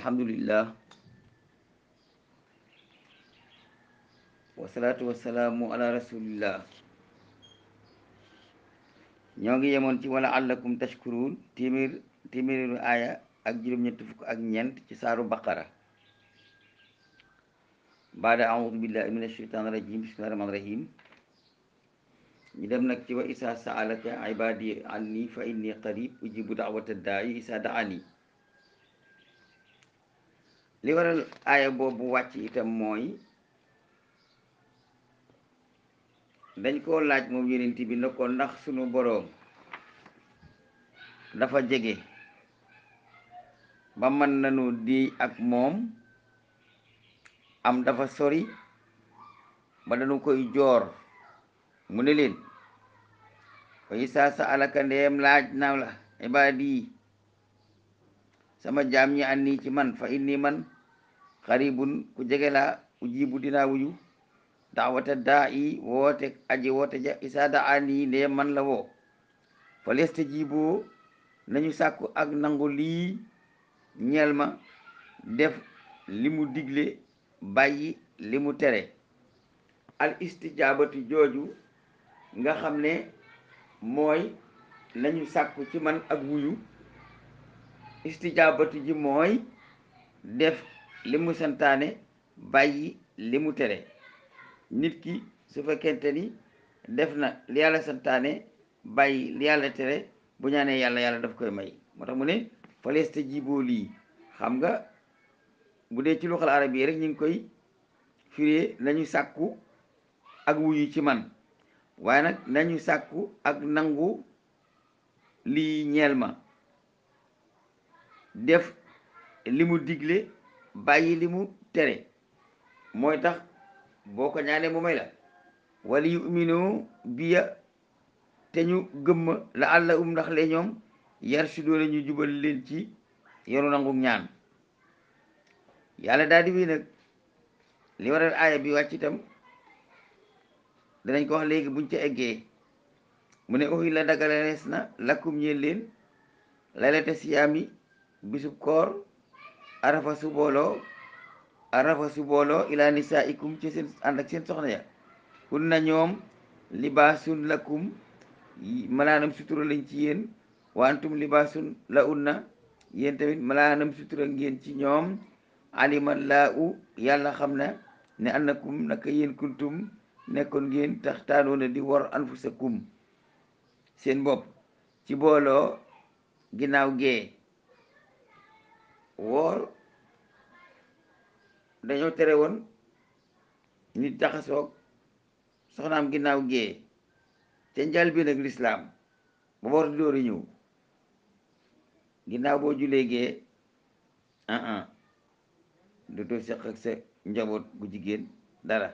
alhamdulillah wasalaatu wasalaamu ala rasulillah ñoo ngi yemoon ci wala allakum tashkuruun téeméer téeméeru aaya ak juróom-ñett fukk ak ñeent ci saaru baqara baada audu billahi min ashaitan rajim bismillahi rahmani rahim ñu dem nag ci wa isa saalaka ibadi anni fa inni qarib ujibu dawata daayi isa daani li waral aaya boobu wàcc itam mooy dañ koo laaj moom yonent bi na ko ndax sunu boroom dafa jege ba mën nañu di ak moom am dafa sori ba dañu koy joor mu ne leen fa isaa sa alaka laaj na la ibaadi sama jaam ñi an nii ci man fa indi man xaribun ku jege laa ujibu dinaa wuyu daawata daa i woote aji woote ja isaa da ani ne man la woo fa leste jiboo nañu sàkku ak nangu lii ñeel def li digle bàyyi limu tere al istijaabatu jooju nga xam ne mooy nañu sàkku ci man ak wuyu istijaabatu ji mooy def limu santaane bàyyi limu tere nit ki su fekkente ni def na li yàlla santaane bàyyi li yàlla tere bu ñaanee yàlla yàlla daf koy may moo tax mu ne te jiboo lii xam nga bu dee ci lu xal arab yi rek ñu ngi koy firee nañu sàkku ak wuyu ci man waaye nag nañu sàkku ak nangu lii ñeel ma def li mu digle bàyyi li mu tere mooy tax boo ko ñaanee mu may la wala yuminu biya te ñu gëmma la àlla um ndax le yar si doole ñu jubal leen ci yoonu nangu ñaan yàlla daal di bii nag li waral aaya bi wàcc itam danañ ko wax léegi buñ ci eggee mu ne uxi la dagalees na lakkum ñeen leen laylata siyaam yi bisub koor arafa su booloo arafa su booloo ilaa nisaikum ci seen ànd ak seen soxna ya kun na ñoom libaasun lakum malaanam sutura lañ ci yéen wa antum libaasun la unna yéen tamit malaanam sutura ngeen ci ñoom aliman laa u yàlla xam na ne annakum naka yéen kuntum nekkoon ngeen tax taanoona di war anfusakum seen bopp ci booloo ginnaaw gee woor dañoo tere woon nit jaxasoog soxnaam ginnaaw géey ca njal bi nag lislaam ba war di dóori ñëw ginnaaw boo julee géey ah ah dootoo seq njaboot gu jigéen dara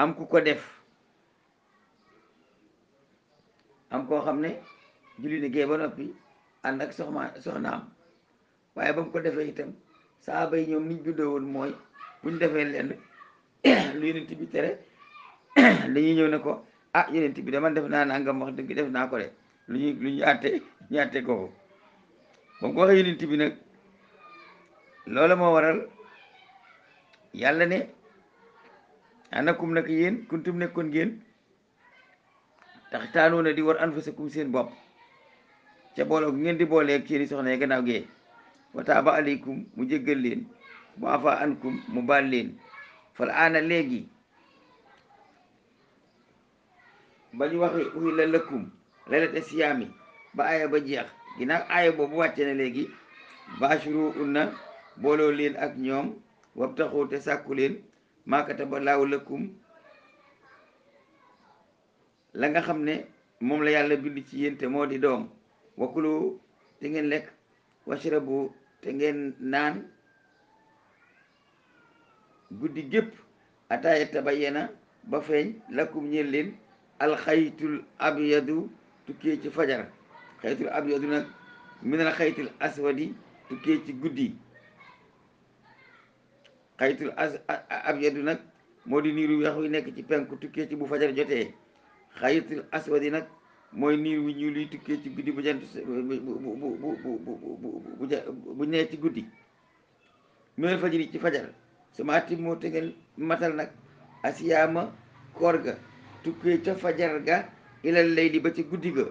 am ku ko def am koo xam ne julli ne géey ba noppi ànd ak soxma soxnaam waaye ba mu ko defee itam saaba yi ñoom niñ bindoo woon mooy buñ defee leen lu yonent bi ñëw ne ko ah yonent bi dama def naa nangam wax dëgg def naa ko de lu ñu àtte ñu àtte kooku ba mu ko waxee yonent bi nag loola moo waral yàlla ne anakum nag yéen kuntum kon ngeen tax taanoona di war anfusakum seen bopp ca booloo gi ngeen di boolee seeni soxna yi gannaaw gee wa taaba aleykum mu jéggal leen mu afa ankum mu baal leen fal aana léegi ba ñu waxe uhilla lakum laylata siyaami ba aaya ba jeex ginnaaw aaya boobu wàcce na léegi baashiru booloo leen ak ñoom wabtaxu te sàkku leen maa kataba laahu lakum la nga xam ne moom la yàlla bind ci yéen moo di doom wakulu te ngeen lekk washrabu te ngeen naan guddi gépp ataaya tabayyana ba feeñ lakum ñeel leen alxaytul abyadu tukkee ci fajar xaytul abyadu nag minal xaytul aswadi tukkee ci guddi xaytul as abyadu nag moo di niiru weex wi nekk ci penku tukkee ci bu fajar jotee xaytul aswadi nag mooy niir wu ñu luy ci guddi bu jant bu bu bu bu nee ci guddi minal fajiri ci fajar sama atti moo te ngeen matal nag asiyaama koor ga tukkee ca fajar ga ilal layli ba ci guddi ga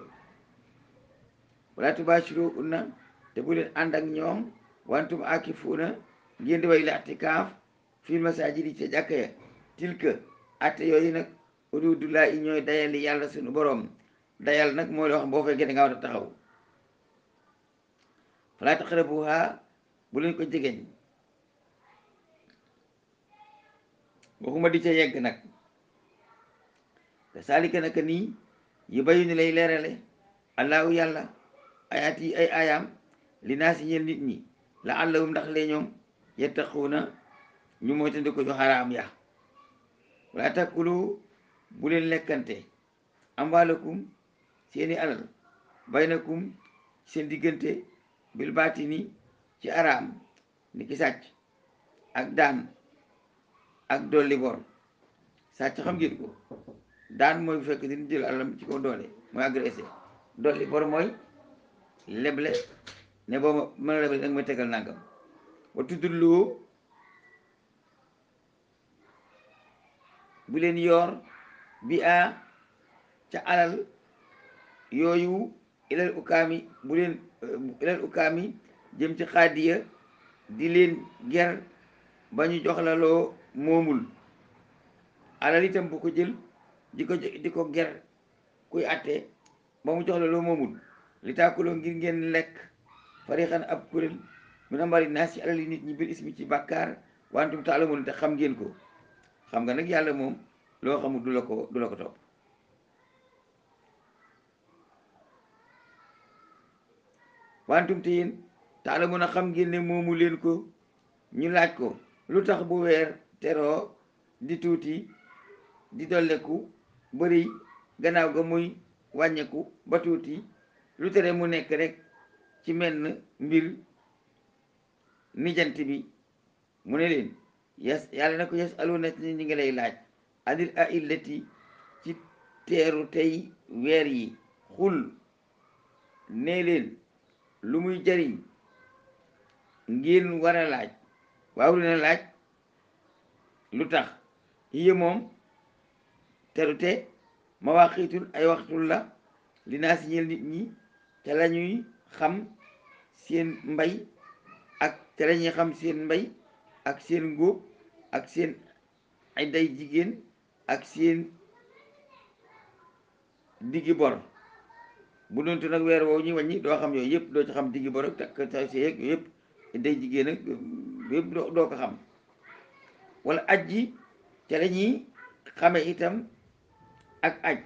wala tubaashiroo unna te bu leen ànd ak ñoom wantum aakifuuna ngeen di way laatikaaf fil masaajidi ca jàkka ya tilka atte yooyu nag ududullaa i ñooy dayali yàlla sunu borom yàlla nag mooy loo xam boo fekkee da nga war a taxaw falaa taqrabuha bu leen ko jegeñ waxuma di ca yegg nag te saalika naka nii yu bayu ni lay leerale allahu yàlla ayaat yi ay ayaam li naa si ñeel nit ñi la allahum ndax lee ñoom yettaquuna ñu moytandi ko ñu xaraam ya wala takkulu bu leen lekkante amwaalakum seeni alal baynakum seen diggante bil baatini ci araam ni ki sàcc ak daan ak dolli bor sàcc xam ngeen ko daan mooy bu fekk dina jël alalam ci kaw doole mooy agressé dolli mooy leble ne boo ma mën a leble tegal nangam ba tudduloo bu leen yoor bi a ca alal yooyu ilal ukaami bu leen ilal ukaami jëm ci xaadiya di leen ger ba ñu jox la loo moomul alal itam bu ko jël di ko di ko ger kuy atte ba mu jox la loo moomul li taakuloo ngir ngeen lekk farixan ab kuréel mu na mbari naas ci alal yi nit ñi bil ismi ci bàkkaar wantum taalamun te xam ngeen ko xam nga nag yàlla moom loo xamul du la ko du la ko topp wantum te yéen taala xam ngeen ne moomu leen ko ñu laaj ko lu tax bu weer teroo di tuuti di dolleku bëri gannaaw ga muy wàññeeku ba tuuti lu tere mu nekk rek ci menn mbir ni jant bi mu ne leen yes yàlla na ko yes aluna ni ñi ngi lay laaj adil a illati ci teeru tey weer yi xul nee leen lu muy jariñ ngeen war laaj waaw laaj lu tax hiya moom terute mawaqitul ay waxtul la li naa si ñeel nit ñi te la ñuy xam seen mbay ak te la ñuy xam seen mbay ak seen ngóob ak seen ay day jigéen ak seen diggi bor bu doonte nag weer woowu ñuy wàññi doo xam yooyu yëpp doo ci xam diggi borog takk sa si yeeg yëpp day jigéen ak doo ko xam walla aj ji ca la ñuy xame itam ak aj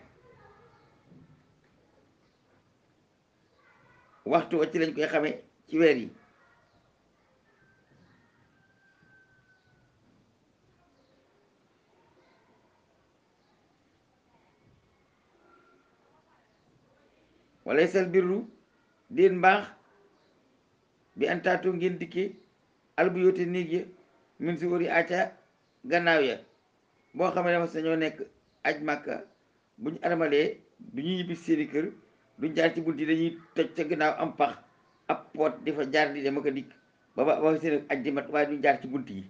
waxtu wa ci lañ koy xame ci weer yi walla walay sal lu diin mbaax bi an taatoo ngeen dikki albu yóote néeg ya min si wari acca gannaaw ya boo xam ne dama sañoo nekk aj màkka bu ñu armalee du ñu ñibbi seeni kër duñ jaar ci bunti dañuy toj ca gannaaw am pax ab poot di fa jaar di dem ak dikk ba ba ba seen aj di mat waaye duñ jaar ci bunt yi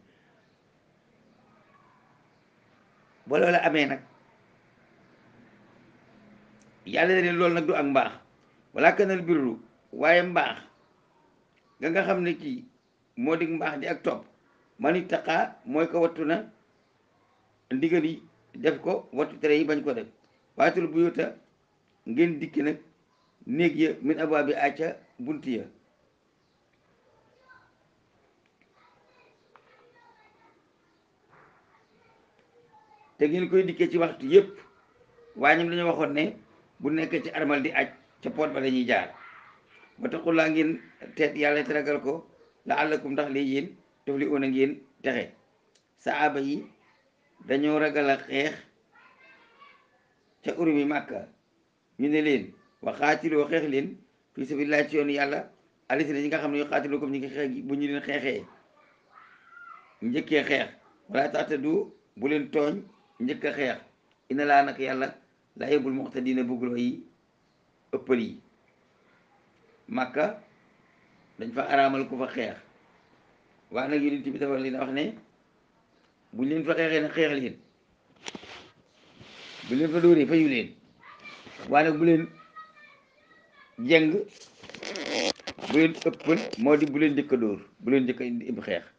ba loola amee nag yàlla na leen loolu nag du ak mbaax wala kanal birru waaye mbaax ga nga xam ne kii moo dig mbaax di ak topp man ittaqaa mooy ko wattu na ndigal yi def ko wattu tere yi bañ ko def waatul buyuta ngeen dikki nag néeg ya min abwaabi acca bunt ya te ngeen koy dikkee ci waxtu yépp waa ñoom dañoo waxoon ne bu nekk ci armal di aj ca pot ba la ñuy jaar ba taxullaa ngeen teet yàlla ragal ko la àllakum ndax lii yéen daf li oon a ngeen texe saaba yi dañoo ragal a xeex ca urumi màkka ñu ne leen wa xaatiloo xeex leen fii sabilillah ci yoon yàlla alisina ñi nga xam ne yoo xaatiloo comme ñi nga xeex bu ñu leen xeexee njëkkee xeex wala taxta du bu leen tooñ njëkk a xeex ina laa nag yàlla laa yóbbul muxtadina bëgguloo yi ëppal yi màkka dañ fa araamal ku fa xeex waaye nag yonent bi dafa leen wax ne buñ leen fa xeexee nag xeex leen bu leen fa dóoree fayu leen waaye nag bu leen jeng bu leen ëppal moo di bu leen njëkk dóor bu leen njëkk a xeex